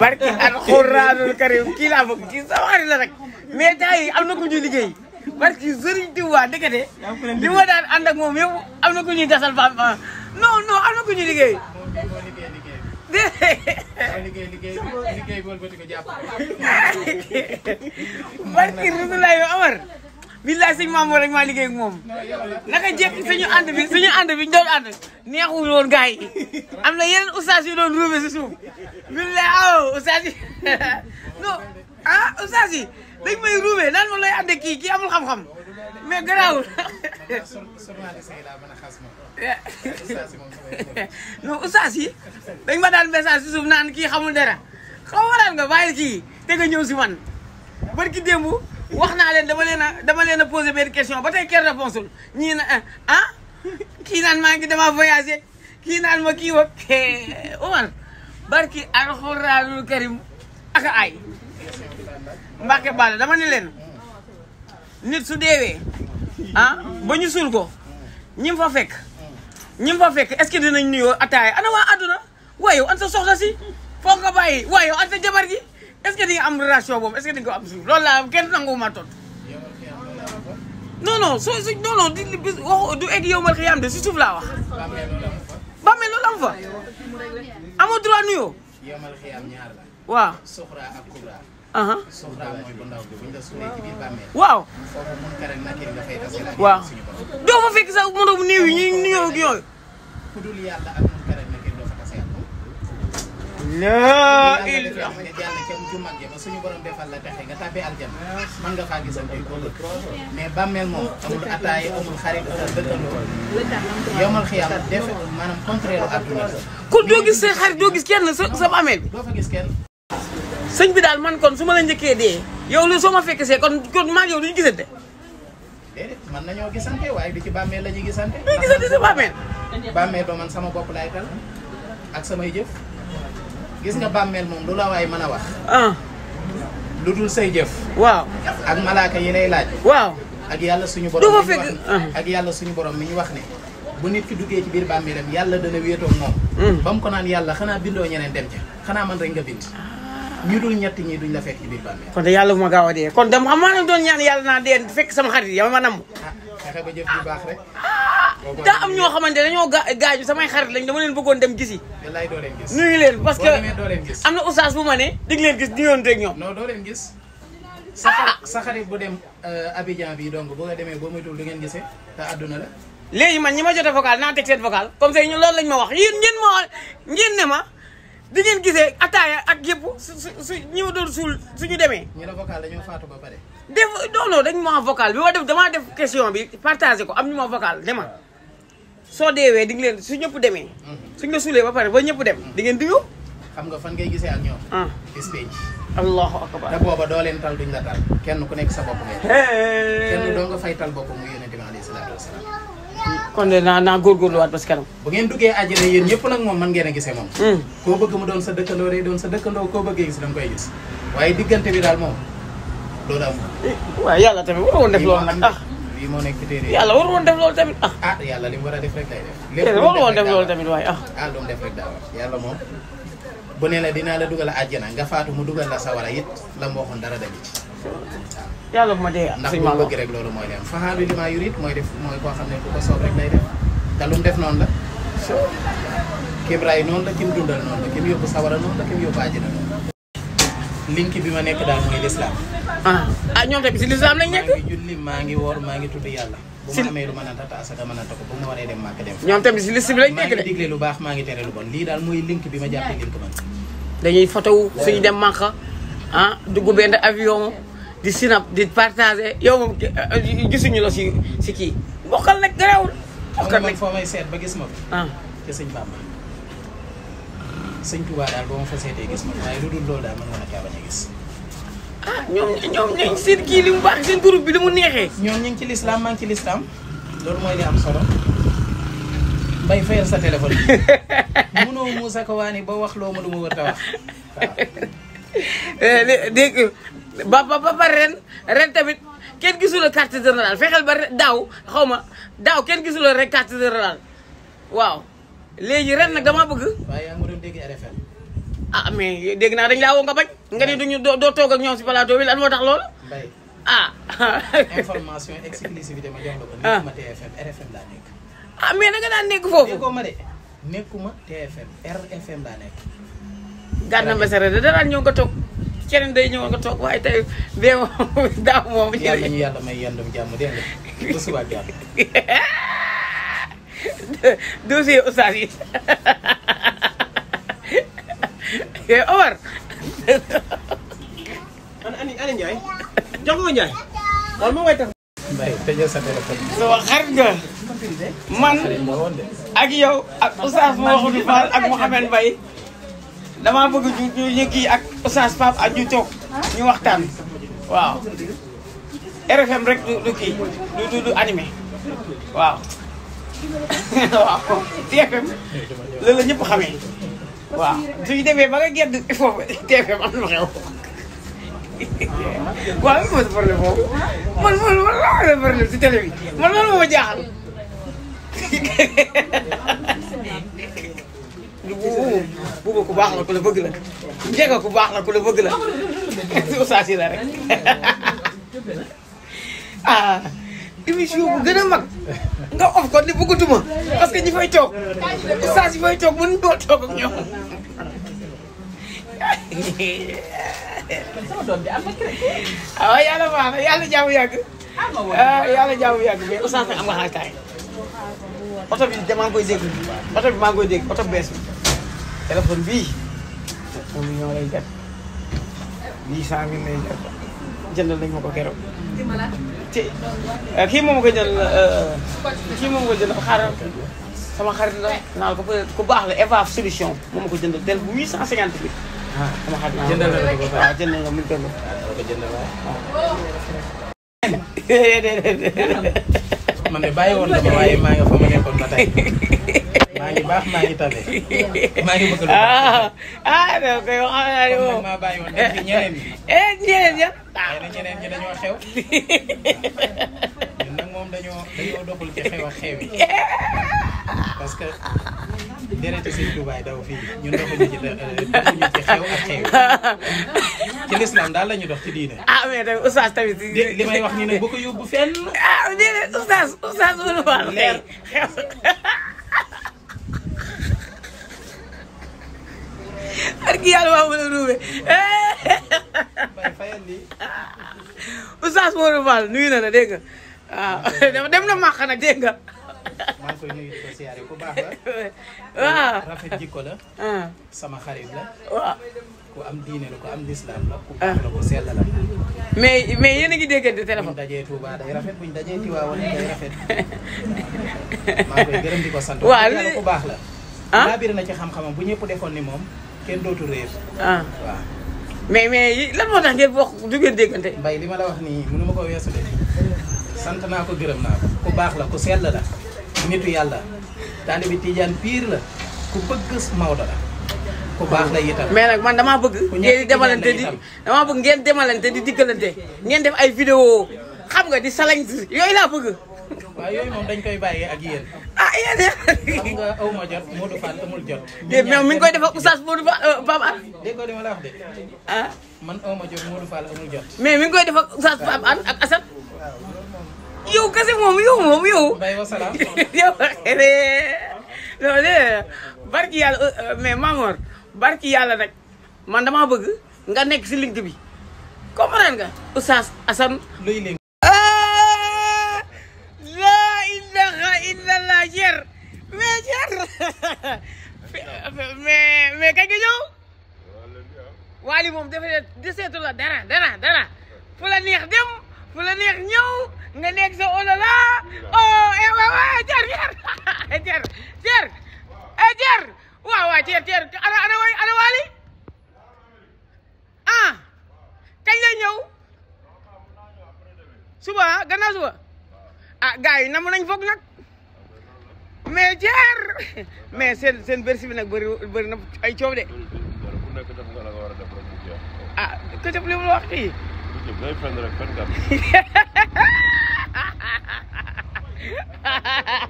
barki alxuraanul karim kii laa bëgg kii la rek mais temps yi am na ku ñuy liggéey barki sëriñ Tuubaa dëkkate li ma daan ànd moom yow am na ku ñuy dasal ba non non am na ku ñuy liggéey. barki Rasulaay Amar. billaay sëñ maam moo rek maa liggéey ak moom naka jekk suñu ànd bi suñu ànd bi ñu doon ànd neexul woon gars am na yen oustaz yu doon ruube si suuf billaay aw oustaz yi non ah oustaz yi dañ may ma kii kii daan message si suuf naan kii xamul dara xaw ma daan te nga ñëw si man barki démb wax naa leen dama leen a dama leen a posé benn question ba tey kenn réponse ul ñii na eh, ah kii naan maa ngi dama voyagé kii naan ma kii wa Omar barki alxuraanul karim aka ay mbàkke bàll dama ne leen nit su deewee ah ba ñu suul ko ñim fa fekk ñim fa fekk est-ce que dinañ nuyoo ataaya ana waa àdduna waaye yow an sa soxna si foo ko bàyyi waaye yow an sa jabar gi est-ce que am relation boobu est-ce que am suuf loolu laa kenn nanguwuma tontu. non non soo su non non di bis wax du egg de si suuf laa wax. bàmmeel loolu am fa. amoo droit nuyoo. yow waaw suxra ak kubra. suxra mooy bu ndaw bi bu ñu yooyu. Ya ilaha ne jàll ca jumaa ja ba suñu borom defal la texe nga tàbbi aljana mën nga faa gis ay góor mais bàmmeel moom amul ataay amul xarit amul dëkkandoo yomal xiyam def man kon su ma du ci bàmmeel la ñuy gisante duñu gisante sa ba man sama bopp laay tal ak samay jëf gis nga bàmmeel moom lu la waay man a wax. Ah. lu dul say jëf. waaw ak malaaka yi lay laaj. waaw ak yàlla suñu borom. du fekk ah. ak yàlla suñu borom mi ñu wax ni bu nit ki duggee ci biir bàmmeelam yàlla dana wéetoog moom. Mm. ba mu ko naan yàlla xanaa bindoo ñeneen dem ca xanaa man rek nga bind. Ah. ñu dul ñett ñii duñ la fekk ci biir bàmmeel. kon de yàlla bu ma gaaw a dee kon de xam maa doon ñaan yàlla naa dee fekk sama xarit yi yow ma namm. ah fexe ba daa am ñoo xamante dañoo gaa gaañu samay xarit lañ dama leen bëggoon dem gisi nuyu leen parce que am na oustaz bu ma ne dig gis nuyoon rek ñoom non sa xarit bu dem euh, Abidjan bi donc boo demee boo moytuwul du ngeen gisee te àdduna la man ñi ma jot a vocal naa vocal comme ça ñu lañ ma wax yéen ngeen ma ngeen ma di ngeen gisee ataaya ak yëpp su su ñi ma doon suul suñu demee. ñu vocal dañoo faatu ba pare. def non non dañ ma vocal bi ma def damaa def question bi partagé ko am ñu ma vocal ne ma so dewe di ngelen su ñëpp demee. suñ la suulee ba pare ba ñëpp dem di ngeen diñu. xam nga fan ngay gisee ak ñoom. ah stage. allahu akbar da booba doo leen tal duñ la tal kenn ku nekk sa bopp ngay. kenn doo nga fay tal boppam mu yónnee tamit alayhi salaatu wasalaam. kon de gor lu wat parce que kanam. bu ngeen duggee aljina yeen ñepp nak mom man ngeen a mom mm. ko bëgg mu doon sa dëkkandoo rek doon sa dëkkandoo ko bëggee gis dang koy gis waye digënté bi daal moom loolu amul. waaw yalla tamit waroon def lo nag ah. lii moo nekk téere yàlla waru woon def loolu tamit ah. ah yàlla li mu war a def rek lay def. lépp waru woon def loolu tamit waaye ah. ah lu def rek daal yàlla moom bu ne la dinaa la dugal a nga faatu mu dugal la sawara it la mu dara dañu ci. yàlla bu ma dee ndax bu bëgg rek loolu mooy leen faxaalu li maa yurit mooy def mooy koo xam ne ku ko soob rek lay def te mu def noonu la. kim raay noonu la kim dundal noonu la kim yóbbu sawara noonu la kim yóbbu àjjana noonu link bi ma nekk daal mooy lislaam. Ah. ah ñoom tamit si lislaam lañ nekk. maa ngi woor maa ngi tudd yàlla. si bu ma amee lu ma naan tata asaka ma naan ko bu ma waree dem màkk dem. ñoom tamit si liste bi lañ nekk de maa ngi digle lu baax maa ngi tere lu bon lii daal mooy link bi ma jàppee link man. dañuy fotow suñu dem màkk ah dugg benn avion di sinap di partagé yow moom euh, gisuñu la si si kii bokkal nag garaawul. bokkal nag foo may seet ba gis ma ko. ah te sëñ Bamba. sëñ Touba daal boo ma fa seetee gis ma waaye lu dul loolu daal mën nga na caa bañ a gis. ah ñoom ñoom ñooñu seen bi li mu neexee. ñoom ñu ngi ci lislaam maa ngi ci lislaam loolu mooy li am solo mbay fayal sa téléphone bi munoo Moussa Kawaani ba wax loo ma lu ma war a wax eh, ba ba ba ren ren tamit kenn gisuloo carte générale fexeel ba daaw xaw ma daaw kenn gisuloo rek carte générale waaw. léegi ren nag damaa bëgg. waaye yaa ngi doon dégg RFM. ah mais dégg naa dañ laa woo nga bañ. nga ni duñu doo toog ak ñoom si plateau bi lan moo tax loolu. Mbaye ah. information exclusivité ma jox la ko. Ah. nekkuma TFM RFM laa nekk. ah mais da nga daan nekk foofu. nekkoo ma de nekkuma TFM RFM laa nekk. gànna Mbasare da daan ñëw nga toog keneen day ñëw nga toog waaye tey bee moom daaw moom. yàlla ñu yàlla may yàndam jàmm dégg nga ba suba jàmm. dossier oustaz yi yooyu Omar. man Aliou Aliou jox ko Ndiaye. wala xarit nga. man ak yow ak oustaz Mouhamadou Fall ak Mouhamed Mbaye damaa bëgg ñu ñu kii ak oustaz Pape ak ñu toog ñu waxtaan. waaw RFM rek du kii du du du animé waaw. waaw TFM loolu la ñëpp xamee waaw suñu demee ba nga gedd foofu TFM am na xew waaw lan moo sa problème boobu man man man lan moo sa problème si télé bi man lan moo ma jaaxal buuba ku baax la ku la bëgg la njega ku baax la ku la bëgg la si usaasi la rek ah émission bu gën a mag nga of ko ni bëggatuma parce que ñi fay toog oustaz yi fay toog mënuñu doo toog ñoom. sama ah, bi yàlla baax yàlla jaamu yàgg. Ah, yàlla jaamu yàgg mais oustaz am nga xaar oto bi damaa koy dégg oto bi maa ngi dégg oto bees bi téléphone bii. un million lay jar huit cent jëndal nañ ma ko keroog. kii euh, moom ko jël kii euh, moom ko jël xaaral sama xarit la naa ko peut ku baax la Eva solution moom ma ko jëndal tel bu 850 bi. ah sama xarit naa jëndal la ko waaw jëndal nga mu ngi koy def. waaw man de bàyyi woon dama waaye maa nga fa ma nekkoon ba maa ngi baax maa ngi tane maa ngi bëgg lu baax. naa ne moom maa bàyyi woon nag ñeneen ñi. ñeneen na ñeneen ñi dañoo xew. ñun nag moom dañoo dañoo doxul ci parce que déréti sëñ Tuubaa daw fii ñun doxuñu ci doxuñu ci xew ak xew ci lislaam daal la ñu dox ci diine. ah mais tamit oustaz tamit. li wax nii parce que yàlla maa mën a ruube. Oustaz Modou na la dégg nga waaw ah, dem na màq nag dégg nga. maa nuyu di baax la. waaw rafet jikko la. Ah. sama xarit la. waaw am diine la am lislaam la. ku baax la ku ah. sell la. mais mais yéen a ngi déggante téléphone. bu ñu dajee rafet di ko sant. waaw ku baax la. ah laa na ci xam-xamam bu ñëpp defoon ni moom. kenn dootu réer. ah mais mais la moo tax ngeen wax du ngeen déggante. mbay li ma la wax nii mënu ma ko weesu de sant naa ko gërëm naa ko ku baax la ku sel la nitu yàlla taalibe bi Tijaan piir la ku bëgg Maodo la. ku baax la itam mais nag man dama bëgg. ngeen di demalante di damaa bëgg ngeen demalante di diggalante ngeen def ay vidéo xam nga di salañ yooyu laa bëgg. ayo yooyu moom dañ koy bàyyee ak yéen. xam nga aw ma jot Modou Fall amul jot. koy def ak oustaz wax de. ah man aw ma jot Modou Fall amul jot. mais mi koy def ak oustaz Pape ak Assane. yow kese moom yow moom yow. wa yow barki eh, eh, mais barki man cer mais cer mais mais kañ nga ñëw waali moom dafa ne la dara dara dara fu la neex dem fu la neex ñëw nga nekk sa olala oh eh waaw waaw cer cer cer cer eh cer eh, eh, waaw ana ana ana waali ah, lay ñëw suba ah, gannaaw suba ah gars yi namu nañ foog nag mais jaar mais seen seen Bercy bi nag bëri bëri na ay coow de. ah këcëb li mu wax kii. këcëb day fen rek fen